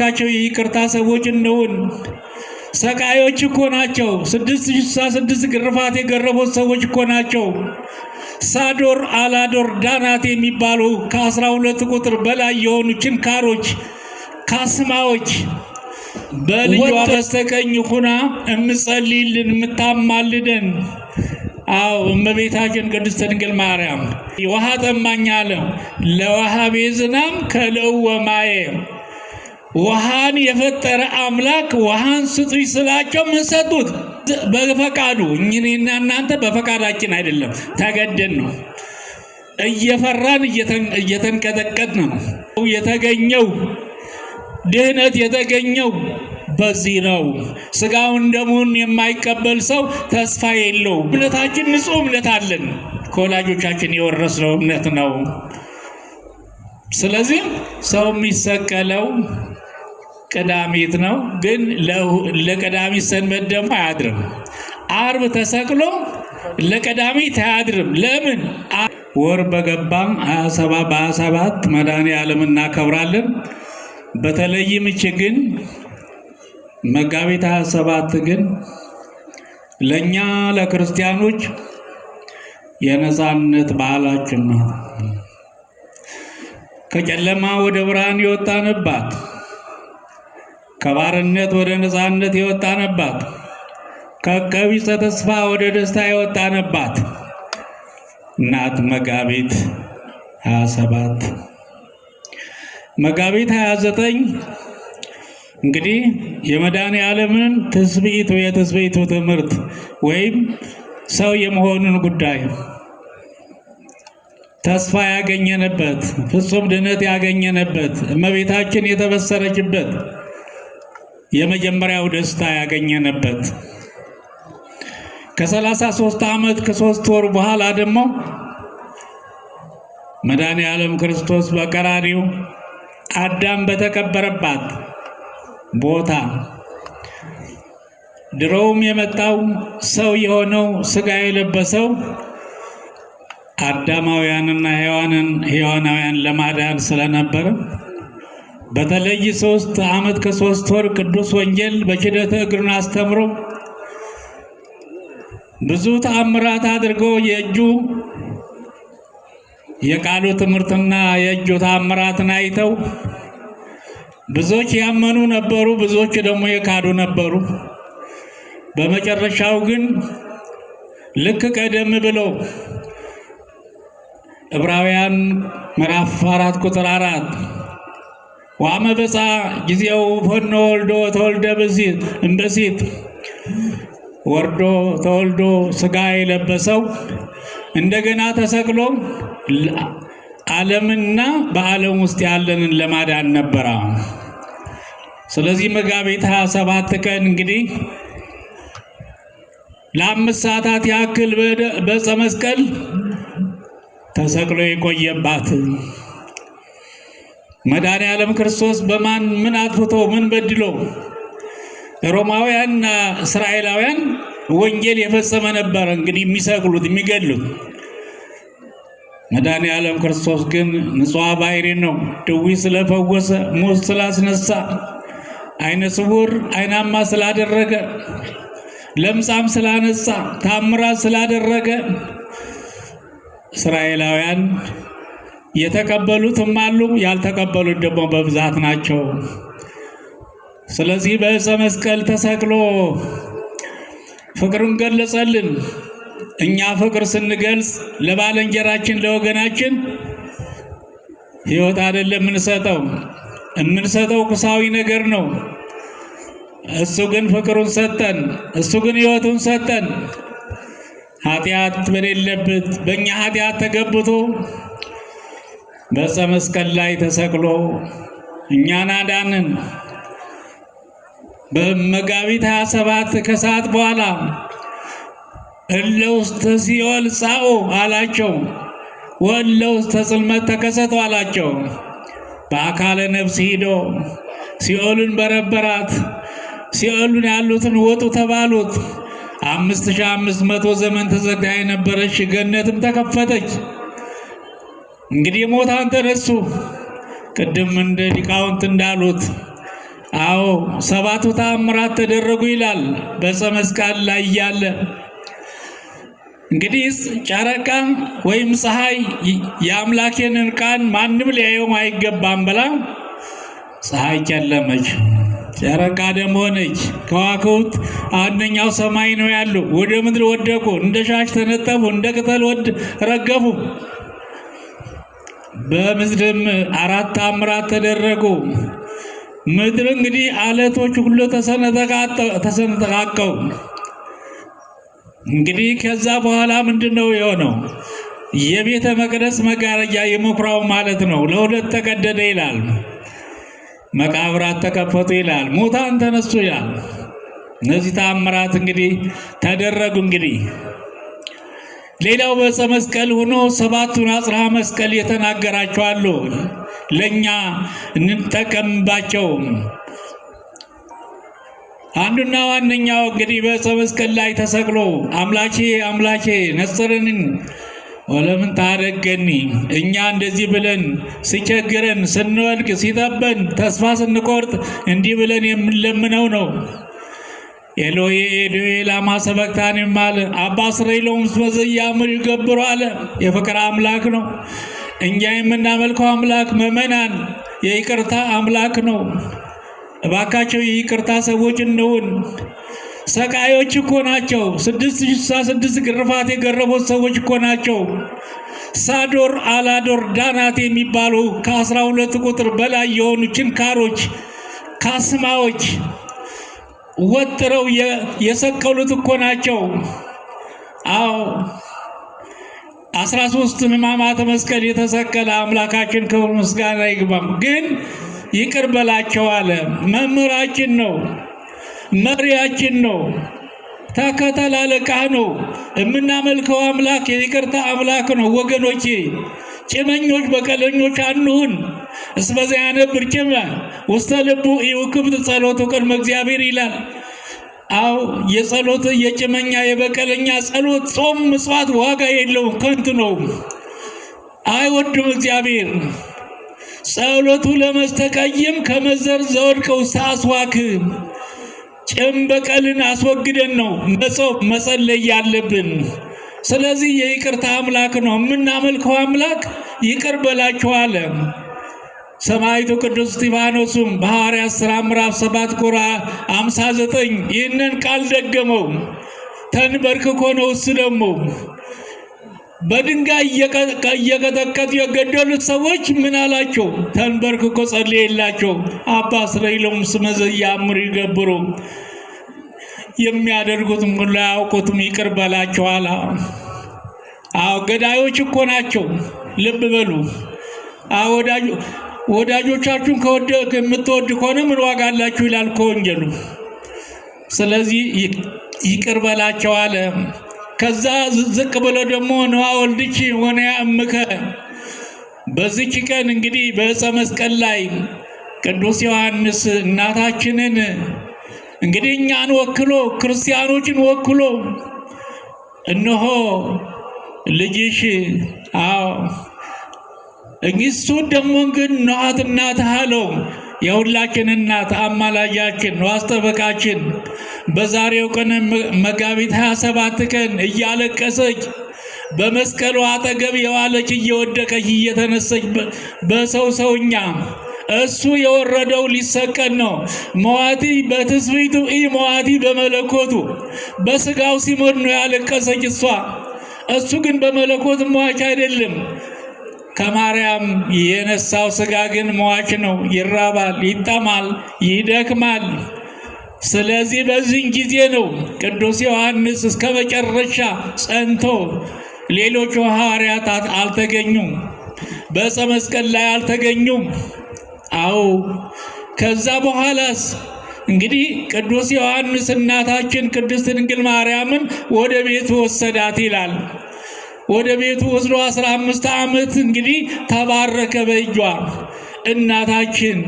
ካቸው የይቅርታ ሰዎች እንደውን ሰቃዮች እኮ ናቸው። ስድስት ስልሳ ስድስት ግርፋት የገረፉት ሰዎች እኮ ናቸው። ሳዶር፣ አላዶር፣ ዳናት የሚባሉ ከአስራ ሁለት ቁጥር በላይ የሆኑ ችንካሮች፣ ካስማዎች በልጇ በስተቀኝ ሁና የምጸልይልን የምታማልደን፣ አው እመቤታችን ቅድስት ድንግል ማርያም ውሃ ጠማኝ አለ ለውሃ ቤዝናም ከልእወ ማየ ውሃን የፈጠረ አምላክ ውሃን ስጡኝ ስላቸው ምን ሰጡት? በፈቃዱ እኔና እናንተ በፈቃዳችን አይደለም፣ ተገደን ነው። እየፈራን እየተንቀጠቀጥ ነው። የተገኘው ድህነት የተገኘው በዚህ ነው። ስጋውን ደሙን የማይቀበል ሰው ተስፋ የለው። እምነታችን ንጹህ እምነት አለን። ከወላጆቻችን የወረስነው እምነት ነው። ስለዚህም ሰው የሚሰቀለው ቀዳሚት ነው። ግን ለቀዳሚት ሰንበት ደግሞ አያድርም። አርብ ተሰቅሎ ለቀዳሚት አያድርም። ለምን ወር በገባም ሀያ ሰባ በሀያ ሰባት መድኃኔ ዓለም እናከብራለን። በተለይም እች ግን መጋቢት ሀያ ሰባት ግን ለእኛ ለክርስቲያኖች የነፃነት በዓላችን ነው። ከጨለማ ወደ ብርሃን የወጣንባት ከባርነት ወደ ነፃነት የወጣነባት ከቀቢጸ ተስፋ ወደ ደስታ የወጣንባት እናት መጋቢት 27 መጋቢት 29 እንግዲህ የመድኃኔ ዓለምን ትስብእቱ የትስብእቱ ትምህርት ወይም ሰው የመሆኑን ጉዳይ ተስፋ ያገኘንበት ፍጹም ድነት ያገኘንበት እመቤታችን የተበሰረችበት የመጀመሪያው ደስታ ያገኘንበት ከሰላሳ ሶስት ዓመት ከሶስት ወር በኋላ ደግሞ መድኃኔ ዓለም ክርስቶስ በቀራሪው አዳም በተቀበረባት ቦታ ድሮውም የመጣው ሰው የሆነው ስጋ የለበሰው አዳማውያንና ሔዋንን ሔዋናውያን ለማዳን ስለነበረ በተለይ ሶስት ዓመት ከሶስት ወር ቅዱስ ወንጌል በኪደተ እግሩን አስተምሮ ብዙ ተአምራት አድርጎ የእጁ የቃሉ ትምህርትና የእጁ ተአምራትን አይተው ብዙዎች ያመኑ ነበሩ፣ ብዙዎች ደግሞ የካዱ ነበሩ። በመጨረሻው ግን ልክ ቀደም ብለው ዕብራውያን ምዕራፍ አራት ቁጥር አራት ዋመ በፃ ጊዜው ፈኖ ወልዶ ተወልደ በሲት ወርዶ ተወልዶ ስጋ የለበሰው እንደገና ተሰቅሎ ዓለምና በዓለም ውስጥ ያለንን ለማዳን ነበረ። ስለዚህ መጋቢት 27 ቀን እንግዲህ ለአምስት ሰዓታት ያክል በዕፀ መስቀል ተሰቅሎ የቆየባት መድኃኔ ዓለም ክርስቶስ በማን ምን አጥፍቶ ምን በድሎ ሮማውያንና እስራኤላውያን ወንጌል የፈጸመ ነበረ እንግዲህ የሚሰቅሉት የሚገድሉት። መድኃኔ ዓለም ክርስቶስ ግን ንጹሐ ባሕሪ ነው። ድዊ ስለፈወሰ፣ ሙት ስላስነሳ፣ አይነ ስውር አይናማ ስላደረገ፣ ለምጻም ስላነሳ ታምራት ስላደረገ እስራኤላውያን የተቀበሉትም አሉ፣ ያልተቀበሉት ደግሞ በብዛት ናቸው። ስለዚህ በዕፀ መስቀል ተሰቅሎ ፍቅሩን ገለጸልን። እኛ ፍቅር ስንገልጽ ለባለንጀራችን ለወገናችን ሕይወት አይደለም የምንሰጠው፣ የምንሰጠው ቁሳዊ ነገር ነው። እሱ ግን ፍቅሩን ሰጠን። እሱ ግን ሕይወቱን ሰጠን። ኃጢአት በሌለበት በእኛ ኃጢአት ተገብቶ በዕፀ መስቀል ላይ ተሰቅሎ እኛን አዳንን። በመጋቢት 27 ከሰዓት በኋላ እለ ውስተ ሲኦል ጻኡ አላቸው፣ ወእለ ውስተ ጽልመት ተከሰቱ አላቸው። በአካለ ነፍስ ሂዶ ሲኦልን በረበራት። ሲኦሉን ያሉትን ወጡ ተባሉት። አምስት ሺህ አምስት መቶ ዘመን ተዘጋ የነበረች ገነትም ተከፈተች። እንግዲህ የሞታን ተነሱ። ቅድም እንደ ሊቃውንት እንዳሉት አዎ ሰባቱ ተአምራት ተደረጉ ይላል በዕፀ መስቀል ላይ እያለ እንግዲህ ጨረቃ ወይም ፀሐይ የአምላኬን ቃን ማንም ሊያየውም አይገባም ብላ ፀሐይ ጨለመች፣ ጨረቃ ደም ሆነች። ከዋክብት አንደኛው ሰማይ ነው ያሉ ወደ ምድር ወደቁ፣ እንደ ሻሽ ተነጠፉ፣ እንደ ቅጠል ረገፉ። በምድርም አራት ታምራት ተደረጉ። ምድር እንግዲህ አለቶች ሁሉ ተሰነጠቃቀው። እንግዲህ ከዛ በኋላ ምንድን ነው የሆነው? የቤተ መቅደስ መጋረጃ የመኩራው ማለት ነው ለሁለት ተቀደደ ይላል። መቃብራት ተከፈቱ ይላል። ሙታን ተነሱ ይላል። እነዚህ ታምራት እንግዲህ ተደረጉ እንግዲህ ሌላው በዕፀ መስቀል ሆኖ ሰባቱን አጽራ መስቀል የተናገራቸዋሉ ለእኛ እንጠቀምባቸው። አንዱና ዋነኛው እንግዲህ በዕፀ መስቀል ላይ ተሰቅሎ አምላኬ አምላኬ ነጽርን ወለምን ታደገኒ እኛ እንደዚህ ብለን ሲቸግረን ስንወድቅ ሲጠበን ተስፋ ስንቆርጥ እንዲህ ብለን የምንለምነው ነው። ኤሎዬ ኤሎዬ ላማ ሰበክታን ይማል አባ ስሬሎም ስመዘያምር ይገብሩ አለ። የፍቅር አምላክ ነው። እኛ የምናመልከው አምላክ ምእመናን የይቅርታ አምላክ ነው። እባካቸው የይቅርታ ሰዎች እንሁን። ሰቃዮች እኮ ናቸው። ስድስት ስልሳ ስድስት ግርፋት የገረፉት ሰዎች እኮ ናቸው። ሳዶር አላዶር ዳናት የሚባሉ ከአስራ ሁለት ቁጥር በላይ የሆኑ ችንካሮች ካስማዎች ወጥረው የሰቀሉት እኮ ናቸው። አዎ አስራ ሶስቱን ሕማማተ መስቀል የተሰቀለ አምላካችን ክብር ምስጋና ይግባም። ግን ይቅር በላቸው አለ። መምህራችን ነው፣ መሪያችን ነው፣ ተከተል ነው። የምናመልከው አምላክ የይቅርታ አምላክ ነው። ወገኖቼ ጭመኞች፣ በቀለኞች አንሁን። እስመ ዘያነብር ጅመ ውስተ ልቡ ኢውክብት ጸሎቱ ቅድመ እግዚአብሔር ይላል። አው የጸሎት የጭመኛ የበቀለኛ ጸሎት ጾም፣ ምጽዋት ዋጋ የለውም፣ ከንቱ ነው፣ አይወድም እግዚአብሔር። ጸሎቱ ለመስተቀይም ከመዘር ዘወድቀ ውስተ አስዋክ ጭም በቀልን አስወግደን ነው መጾም መጸለይ ያለብን። ስለዚህ የይቅርታ አምላክ ነው የምናመልከው አምላክ ይቅር በላችኋል። ሰማይቱ ቅዱስ እስጢፋኖስም በሐዋርያት ሥራ ምዕራፍ 7 አምሳ 59 ይህንን ቃል ደገመው። ተንበርክኮ ነው እሱ ደግሞ በድንጋይ እየቀጠቀጡ የገደሉት ሰዎች ምን አላቸው? ተንበርክኮ ጸለየላቸው። አባ ስረይሎም ስመዘ ያምር ይገብሩ የሚያደርጉት ሁሉ አያውቁትም ይቅር በላቸው አለ። አዎ ገዳዮች እኮ ናቸው። ልብ በሉ አወዳጁ ወዳጆቻችሁን ከወደቅ የምትወድ ከሆነ ምን ዋጋ አላችሁ ይላል ከወንጀሉ ስለዚህ ይቅር በላቸው አለ። ከዛ ዝቅ ብሎ ደግሞ ንዋ ወልድች ሆነ እምከ በዚች ቀን እንግዲህ በዕፀ መስቀል ላይ ቅዱስ ዮሐንስ እናታችንን እንግዲህ እኛን ወክሎ ክርስቲያኖችን ወክሎ እነሆ ልጅሽ አዎ እሱን ደግሞ ግን ኖዓት እናት አለው የሁላችን እናት አማላጃችን፣ ዋስ ጠበቃችን በዛሬው ቀን መጋቢት 27 ቀን እያለቀሰች በመስቀሉ አጠገብ የዋለች እየወደቀች እየተነሰች በሰው ሰውኛ እሱ የወረደው ሊሰቀል ነው። መዋቲ በትስብእቱ ኢ መዋቲ በመለኮቱ በስጋው ሲሞድ ነው ያለቀሰች እሷ። እሱ ግን በመለኮት መዋች አይደለም። ከማርያም የነሳው ሥጋ ግን ሟች ነው፣ ይራባል፣ ይጠማል፣ ይደክማል። ስለዚህ በዚህን ጊዜ ነው ቅዱስ ዮሐንስ እስከ መጨረሻ ጸንቶ፣ ሌሎቹ ሐዋርያት አልተገኙም፣ በዕፀ መስቀል ላይ አልተገኙም። አዎ ከዛ በኋላስ እንግዲህ ቅዱስ ዮሐንስ እናታችን ቅድስት ድንግል ማርያምን ወደ ቤቱ ወሰዳት ይላል። ወደ ቤቱ ወስዶ አስራ አምስት ዓመት እንግዲህ ተባረከ በእጇ እናታችን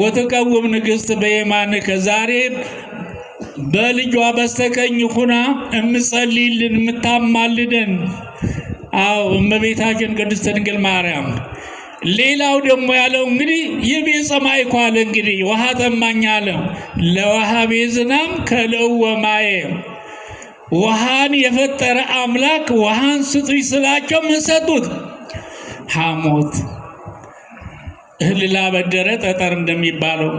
ወትቀውም ንግሥት በየማንከ ከዛሬ በልጇ በስተቀኝ ሁና እምጸልይልን እምታማልደን፣ አዎ እመቤታችን ቅድስት ድንግል ማርያም። ሌላው ደግሞ ያለው እንግዲህ የቤፀ ማይኮ አለ እንግዲህ ውሃ ጠማኝ አለ ለውሃ ቤዝናም ከለወ ማየ ውሃን የፈጠረ አምላክ ውሃን ስጡኝ ስላቸው ምን ሰጡት? ሐሞት እህል ላበደረ ጠጠር እንደሚባለው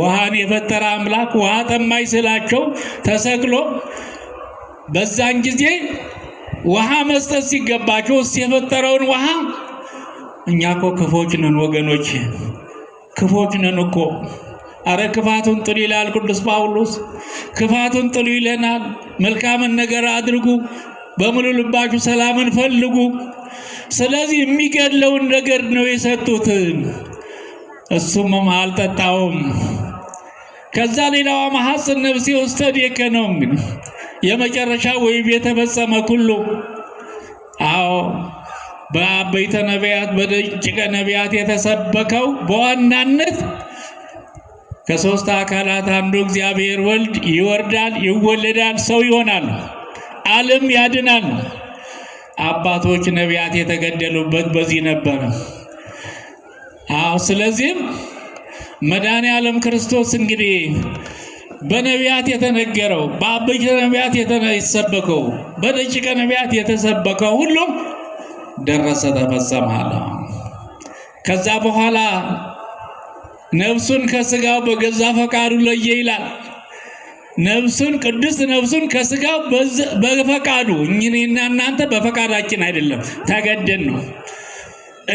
ውሃን የፈጠረ አምላክ ውሃ ጠማኝ ስላቸው ተሰቅሎ በዛን ጊዜ ውሃ መስጠት ሲገባቸው እሱ የፈጠረውን ውሃ እኛ እኮ ክፎች ነን ወገኖች፣ ክፎች ነን እኮ አረ ክፋቱን ጥሉ ይላል ቅዱስ ጳውሎስ። ክፋቱን ጥሉ ይለናል። መልካምን ነገር አድርጉ፣ በሙሉ ልባችሁ ሰላምን ፈልጉ። ስለዚህ የሚገድለውን ነገር ነው የሰጡት። እሱም አልጠጣውም። ከዛ ሌላዋ መሐፅን ነፍሴ ውስተድ ዴከ ነው የመጨረሻ ወይም የተፈጸመ ኩሉ። አዎ በአበይተ ነቢያት በደጭቀ ነቢያት የተሰበከው በዋናነት ከሶስት አካላት አንዱ እግዚአብሔር ወልድ ይወርዳል፣ ይወለዳል፣ ሰው ይሆናል፣ ዓለም ያድናል። አባቶች ነቢያት የተገደሉበት በዚህ ነበረ። ስለዚህም መድኃኔ ዓለም ክርስቶስ እንግዲህ በነቢያት የተነገረው በአበይት ነቢያት የተሰበከው በደቂቀ ነቢያት የተሰበከው ሁሉም ደረሰ ተፈጸመ አለ። ከዛ በኋላ ነፍሱን ከስጋው በገዛ ፈቃዱ ለየ ይላል። ነፍሱን ቅዱስ ነፍሱን ከስጋው በፈቃዱ እኔና እናንተ በፈቃዳችን አይደለም፣ ተገደን ነው።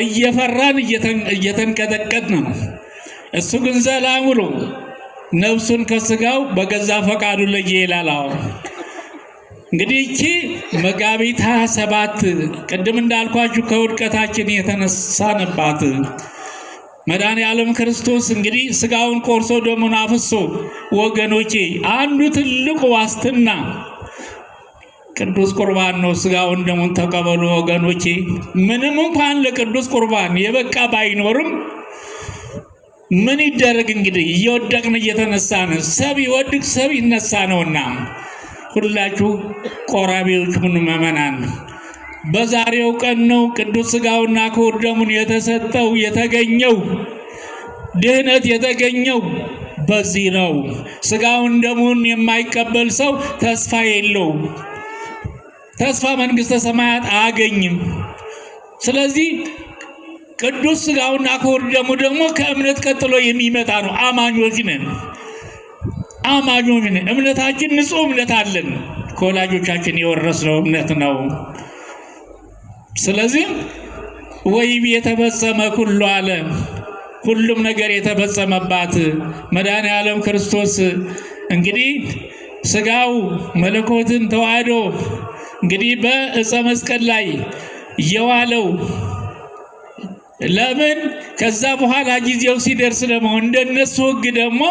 እየፈራን እየተንቀጠቀጥ ነው። እሱ ግን ዘላሙሉ ነፍሱን ከስጋው በገዛ ፈቃዱ ለየ ይላል። እንግዲህ ይቺ መጋቢት 27 ቅድም እንዳልኳችሁ ከውድቀታችን የተነሳንባት መድኃኔ ዓለም ክርስቶስ እንግዲህ ስጋውን ቆርሶ ደሙን አፍሶ ወገኖቼ አንዱ ትልቁ ዋስትና ቅዱስ ቁርባን ነው። ስጋውን ደሙን ተቀበሉ ወገኖቼ። ምንም እንኳን ለቅዱስ ቁርባን የበቃ ባይኖርም ምን ይደረግ እንግዲህ እየወደቅን እየተነሳን ሰብ ይወድቅ ሰብ ይነሳ ነውና ሁላችሁ ቆራቢዎች ምኑ መመናን በዛሬው ቀን ነው ቅዱስ ሥጋውና ክቡር ደሙን የተሰጠው የተገኘው። ድህነት የተገኘው በዚህ ነው። ሥጋውን ደሙን የማይቀበል ሰው ተስፋ የለው ተስፋ መንግሥተ ሰማያት አያገኝም። ስለዚህ ቅዱስ ሥጋውና ክቡር ደሙ ደግሞ ከእምነት ቀጥሎ የሚመጣ ነው። አማኞች ነን፣ አማኞች ነን። እምነታችን ንጹሕ እምነት አለን። ከወላጆቻችን የወረስነው እምነት ነው። ስለዚህ ወይም የተፈጸመ ኩሉ ዓለም ሁሉም ነገር የተፈጸመባት መድኃኔ ዓለም ክርስቶስ እንግዲህ ስጋው መለኮትን ተዋህዶ እንግዲህ በእፀ መስቀል ላይ የዋለው ለምን ከዛ በኋላ ጊዜው ሲደርስ ደግሞ እንደነሱ ህግ ደግሞ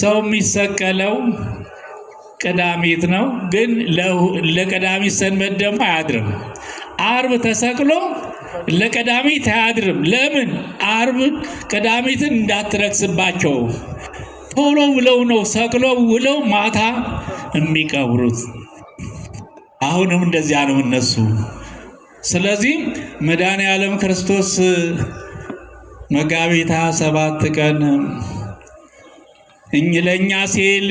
ሰው የሚሰቀለው ቅዳሜት ነው። ግን ለቀዳሚ ሰንበት ደግሞ አያድርም። አርብ ተሰቅሎ ለቀዳሚት አያድርም። ለምን? አርብ ቀዳሚትን እንዳትረክስባቸው ቶሎ ብለው ነው ሰቅሎ ውለው ማታ የሚቀብሩት። አሁንም እንደዚያ ነው እነሱ። ስለዚህ መድኃኔ ዓለም ክርስቶስ መጋቢት ሃያ ሰባት ቀን እኝ ለእኛ ሲል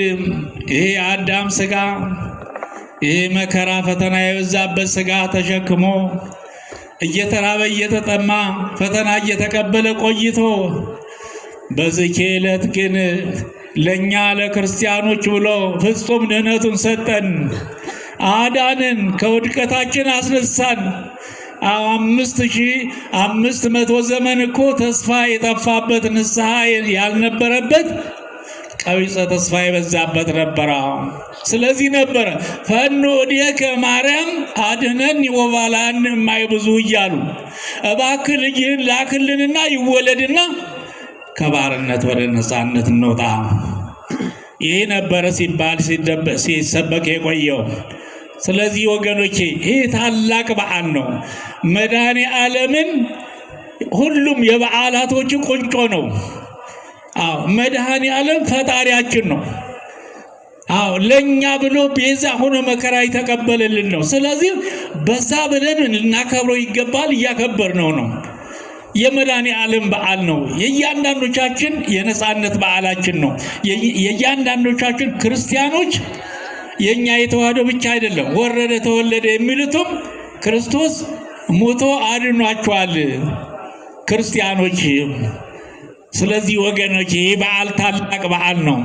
ይሄ አዳም ስጋ ይህ መከራ ፈተና የበዛበት ስጋ ተሸክሞ እየተራበ እየተጠማ ፈተና እየተቀበለ ቆይቶ በዝኬ ዕለት ግን ለእኛ ለክርስቲያኖች ብሎ ፍጹም ድህነቱን ሰጠን፣ አዳንን፣ ከውድቀታችን አስነሳን። አምስት ሺህ አምስት መቶ ዘመን እኮ ተስፋ የጠፋበት ንስሐ ያልነበረበት ቀቢጸ ተስፋ የበዛበት ነበረ። ስለዚህ ነበረ ፈኖ ወዲከ ማርያም አድነን ወባላን ማይ ብዙ እያሉ እባክህ ልጅህን ላክልንና ይወለድና ከባርነት ወደ ነፃነት እንውጣ። ይህ ነበረ ሲባል ሲሰበክ የቆየው። ስለዚህ ወገኖቼ ይህ ታላቅ በዓል ነው። መድኃኔ ዓለምን ሁሉም የበዓላቶች ቁንጮ ነው። አዎ መድኃኔ ዓለም ፈጣሪያችን ነው። አዎ ለእኛ ብሎ ቤዛ ሆኖ መከራ የተቀበለልን ነው። ስለዚህ በዛ ብለን ልናከብረው ይገባል። እያከበርነው ነው። የመድኃኔ ዓለም በዓል ነው። የእያንዳንዶቻችን የነፃነት በዓላችን ነው። የእያንዳንዶቻችን ክርስቲያኖች የእኛ የተዋህዶ ብቻ አይደለም። ወረደ ተወለደ የሚሉትም ክርስቶስ ሞቶ አድኗቸዋል ክርስቲያኖች ስለዚህ ወገኖች ይህ በዓል ታላቅ በዓል ነው።